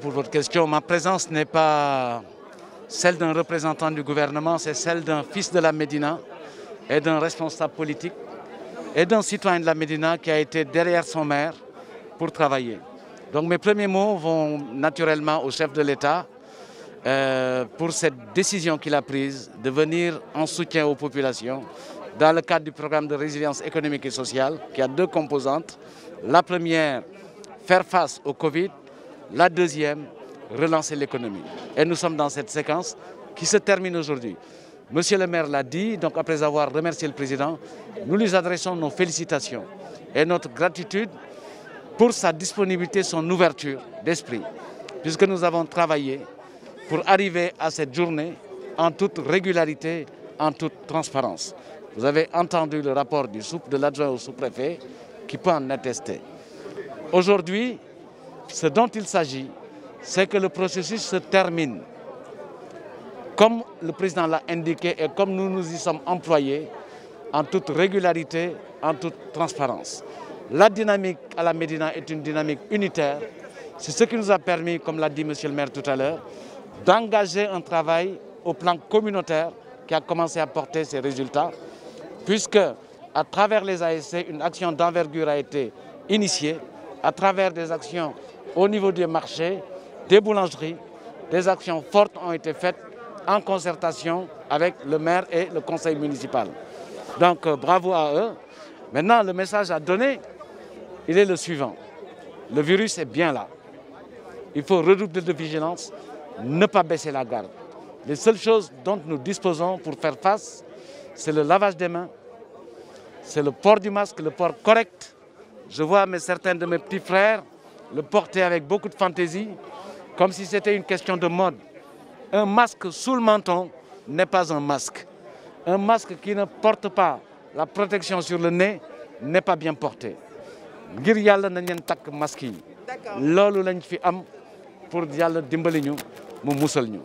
Pour votre question, ma présence n'est pas celle d'un représentant du gouvernement, c'est celle d'un fils de la Médina et d'un responsable politique et d'un citoyen de la Médina qui a été derrière son maire pour travailler. Donc mes premiers mots vont naturellement au chef de l'État, euh, pour cette décision qu'il a prise de venir en soutien aux populations dans le cadre du programme de résilience économique et sociale qui a deux composantes. La première, faire face au Covid. La deuxième, relancer l'économie. Et nous sommes dans cette séquence qui se termine aujourd'hui. Monsieur le maire l'a dit, donc après avoir remercié le président, nous lui adressons nos félicitations et notre gratitude pour sa disponibilité, son ouverture d'esprit, puisque nous avons travaillé pour arriver à cette journée en toute régularité, en toute transparence. Vous avez entendu le rapport du sous, de l'adjoint au sous-préfet qui peut en attester. Aujourd'hui, ce dont il s'agit, c'est que le processus se termine. Comme le président l'a indiqué et comme nous nous y sommes employés, en toute régularité, en toute transparence. La dynamique à la Médina est une dynamique unitaire. C'est ce qui nous a permis, comme l'a dit M. le maire tout à l'heure, d'engager un travail au plan communautaire qui a commencé à porter ses résultats, puisque à travers les ASC, une action d'envergure a été initiée, à travers des actions au niveau des marchés, des boulangeries, des actions fortes ont été faites en concertation avec le maire et le conseil municipal. Donc euh, bravo à eux. Maintenant, le message à donner, il est le suivant. Le virus est bien là. Il faut redoubler de vigilance, ne pas baisser la garde. Les seules choses dont nous disposons pour faire face, c'est le lavage des mains, c'est le port du masque, le port correct. Je vois certains de mes petits frères le porter avec beaucoup de fantaisie, comme si c'était une question de mode. Un masque sous le menton n'est pas un masque. Un masque qui ne porte pas la protection sur le nez n'est pas bien porté. pour yàlla dimbali ñu mu musal ñu.